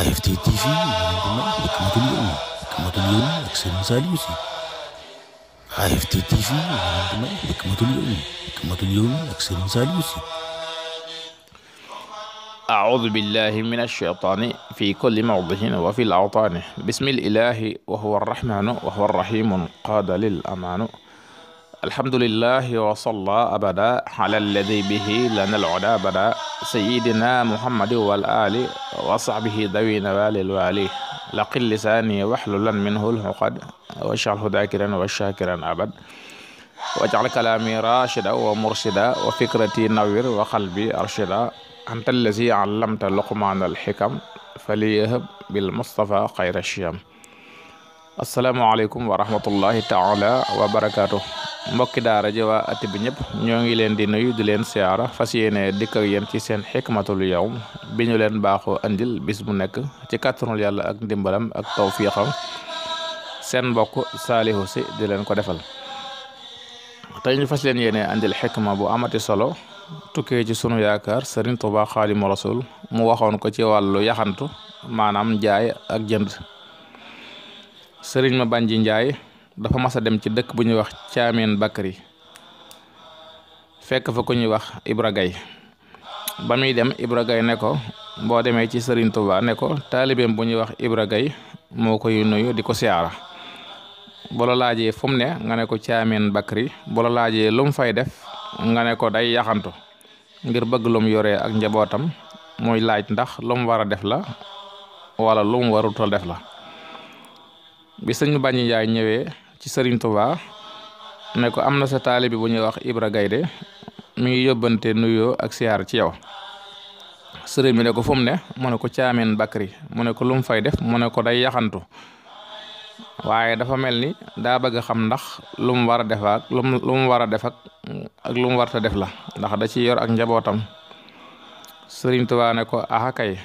AFT TV ምንድነው? ህክመቱን ይሁን ህክመቱን ይሁን እክሰን ሳሊዩ ሲ AFT TV ምንድነው? ህክመቱን ይሁን ህክመቱን ይሁን እክሰን ሳሊዩ ሲ أعوذ بالله من الشيطان في كل موضع وفي الأوطان بسم الإله وهو الرحمن وهو الرحيم قاد للأمان alhamdulillahi wa salla abada ala alladi bihi lana alhuda abada sayidina muhammadi wal ali wa sahbihi dawina walil wali laqil lisani waxlulan minhu lhuqad waj'alhu dakiran wa shakiran abad waj'al kalami rashida wa murshida wa fikrati nawir wa qalbi arshida anta allazi allamta luqmana alxikam faliyahab bil mustafa xayra shiyam assalaamu aleykum wa rahmatullahi taala wa barakatuh mbokki daara ji waa ati bi ñëpp ñoo ngi leen di nuyu di leen siyaara fas yéene dikk ak yéen ci seen xikmatul yawm bi ñu leen baaxoo andil bis bu nekk ci kàttanul yàlla ak ndimbalam ak tawfiixam seen mbokk saalihu si di leen ko defal tey ñu fas leen yéene andil xikma bu amati solo tukkee ci sunu yaakaar Sëriñ Tuubaa Xaadimu Rasuul mu waxoon ko ci wàllu yaxantu maanaam jaay ak jënd sëriñ ma banji njaay dafa mas a dem ci dëkk bu ñuy wax caameen Bakary fekk fa ku ñuy wax Ibra Gaye ba muy dem Ibra Gaye ne ko boo demee ci Serigne Touba ne ko taalibeem bu ñuy wax Ibra Gaye moo koy nuyu di ko siyaara bu laajee fu mu ne nga ne ko caameen Bakary bu la laajee lu fay def nga ne ko day yaxantu ngir bëgg lu mu yoree ak njabootam muy laaj ndax lu mu war a def la wala lu mu def la bi sëñ Bañi Njaay ci Serigne Touba ne ko am na sa taalibe bu ñuy wax Ibra Gaynde mi ngi yóbbante nuyoo ak siyaar ci yow sëriñ bi ne ko fu ne mu ne ko Caameen Bakri mu ne ko lu fay def mu ne ko day yaxantu waaye dafa mel ni daa bëgg a xam ndax lum mu war a def ak lu war a def ak ak lu warta def la ndax da ci yor ak njabootam Sëriñ Tuubaa ne ko aha kay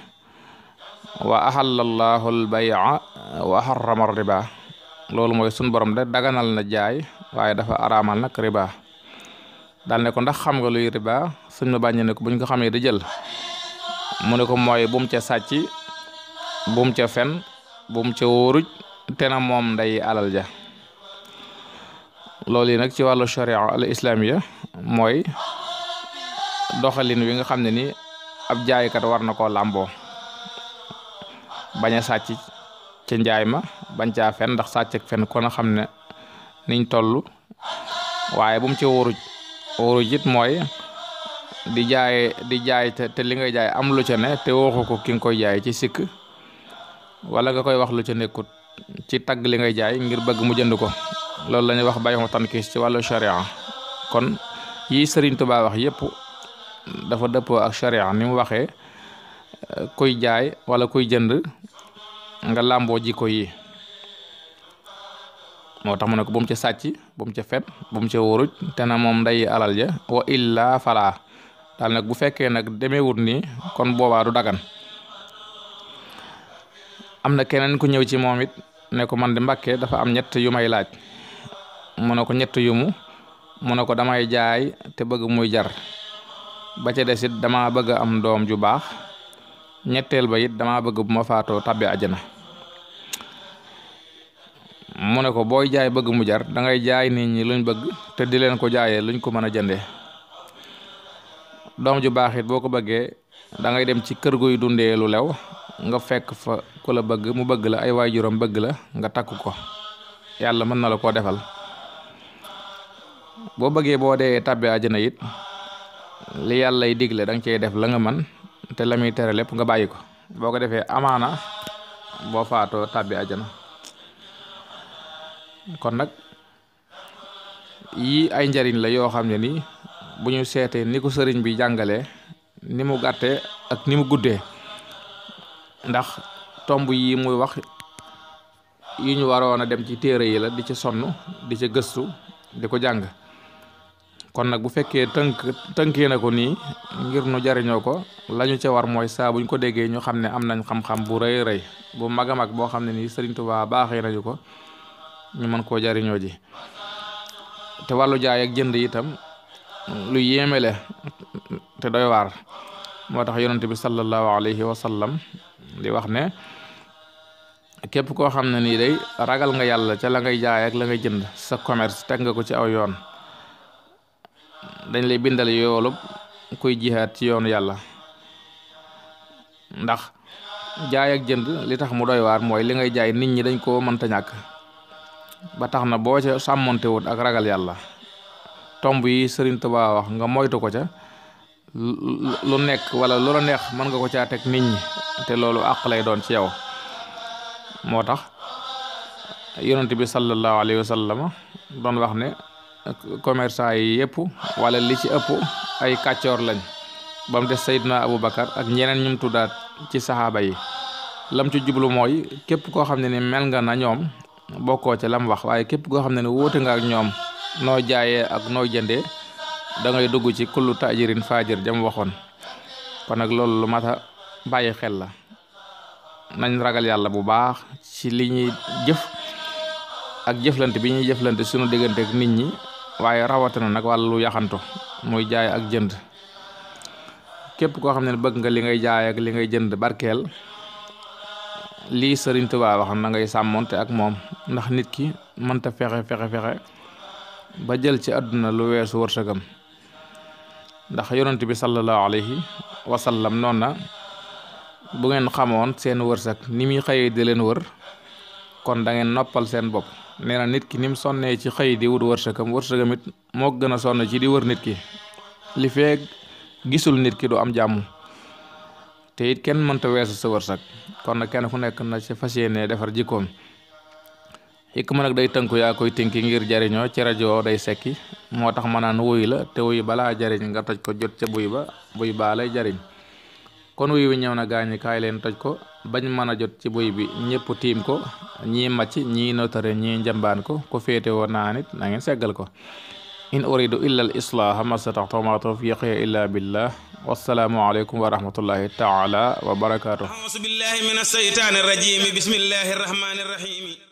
wa ahalla Allahu al-bay'a wa harrama ar-riba loolu mooy sun borom de daganal na jaay waaye dafa araamal nag riba daal ne ko ndax xam nga luy riba suñ ma bàññe ne ko buñ ko xamee da jël mu ne ko mooy bum ca sàcc bum ca fen bum ca wóoruj te na moom nday alal ja loolu yi nag ci wàllu sharia al islamiya mooy doxalin wi nga xam ne nii ab jaaykat war na koo làmboo bañ a sàcc ci njaay ma bañ caa fen ndax sàcc ak fen kon a xam ne niñ toll waaye bu mu ci wóoruj wóoruj mooy di jaay di jaay te li ngay jaay am lu ca ne te waxu ko ki koy jaay ci sikk wala nga koy wax lu ca nekkut ci tagg li ngay jaay ngir bëgg mu jënd ko loolu la ñuy wax bayu tankiis ci wàllu sharia kon yi Sëriñ Tuubaa wax yépp dafa dëppoo ak sharia ni mu waxee kuy jaay wala kuy jënd nga làmboo jikko yi moo tax mu ne ko bu mu ca sàcc bu mu ca fen bu mu ca wuruj te na moom nday alal ja wa illa falaa daal nag bu fekkee nag demeewut nii kon boobaa dagan am na keneen ku ñëw ci moom it ne ko man di mbàkke dafa am ñett yu may laaj mu ne ko ñett yumu mu ne ko damay jaay te bëgg muy jar ba ca desit dama bëgg am doom ju baax ñetteel ba it damaa bëgg bu ma faatoo tabbi ajana mu ne ko booy jaay bëgg mu jar dangay jaay nit ñi luñ bëgg te di leen ko jaayee luñ ko mën a jëndee doom ju baaxit boo ko bëggee dangay dem ci kër guy dundee lu lew nga fekk fa ku la bëgg mu bëgg la ay waay waajuram bëgg la nga takk ko yàlla mën na la koo defal boo bëggee boo dee tabbi ajana it li yàlla digle danga cee def la nga man te la muy tere lépp nga bàyyi ko boo ko defee amaana boo faatoo tàbbi ajana kon nag yii ay njariñ la yoo xam ne ni bu ñu seetee ni ko sëriñ bi jàngale ni mu gàttee ak ni mu guddee ndax tomb yii muy wax yi ñu waroon a dem ci téere yi la di ci sonn di ci gëstu di ko jàng kon nag bu fekkee tënk tënkee na ko nii ngir nu jariñoo ko lañu ca war mooy saa buñ ko déggee ñu xam ne am nañ xam-xam bu rëy rey bu mag a mag boo xam ne nii Sëriñ waa baaxee nañu ko ñu mën koo jariñoo ji te wàllu jaay ak jënd itam lu yéemele te doy waar moo tax yonent bi sallallahu alayhi wa sallam di wax ne képp koo xam ne nii day ragal nga yàlla ca la ngay jaay la ngay jënd sa commerce teg nga ko ci aw yoon dañ lay bindal yoolub kuy jihaat ci yoonu yàlla ndax jaay ak jënd li tax mu doy waar mooy li ngay jaay nit ñi dañ koo mënta ñàkk ba tax na boo ca sàmmonte ak ragal yàlla tomb yi Sëriñ Tuubaa wax nga moytu ko ca lu nekk wala lu la neex mën nga ko caa teg nit ñi te loolu àq lay doon ci yow moo tax yonent bi sallallahu alayhi wa doon wax ne commerçant yi yëpp wala li ci ëpp ay kàccoor lañ ba mu naa Seydina Aboubacar ak ñeneen ñum tuddaat ci saxaaba yi lam ci jublu mooy képp koo xam ne ni mel nga na ñoom bokkoo ci lam wax waaye képp koo xam ne ni wóote nga ñoom noo jaayee ak noo jënde dangay dugg ci kullu taajirin faajir jam waxoon kon nag loolu lu mat a bàyyi xel la nañ ragal yàlla bu baax ci li ñuy jëf ak jëflante bi ñuy jëflante sunu diggante ak nit ñi waaye rawatina nag lu yaxantu muy jaay ak jënd képp koo xam ne bëgg nga li ngay jaay li ngay jënd barkeel lii Sëriñ Tuubaa xam na ngay sàmmonte ak moom ndax nit ki mënta fexe fexe fexe ba jël ci àdduna lu weesu wërsëgam ndax yonent bi sallallahu alayhi wasallam noon na bu ngeen xamoon seen wërsëg ni muy xëyee di leen wër kon dangeen noppal seen bopp nee na nit ki nim mu sonnee ci xëy di wut wërsëgam wërsëgam it moo gën a sonn ci di wër nit ki li fee gisul nit ki du am jàmm te it kenn mënta weesu sa wërsëg kon na kenn ku nekk na ci fas yéenee defar jikkoom xikma nag day tënku yaa koy tinki ngir jariñoo ci rajo day sekki moo tax ma naan wuy la te wuy balaa jariñ nga toj ko jot ca buy ba buy baa lay jariñ kon wuy wi ñëw na gaañi kaay leen toj ko bañ mën a jot ci buy bi ñëpp tiim ko ñii màcc ñii notare ñii njambaan ko ko féete woon naa nit na ngeen seggal ko in uridu illa al islaaha mastataxtu ma tawfiqiya illa billah wassalaamu aleykum wa taala wa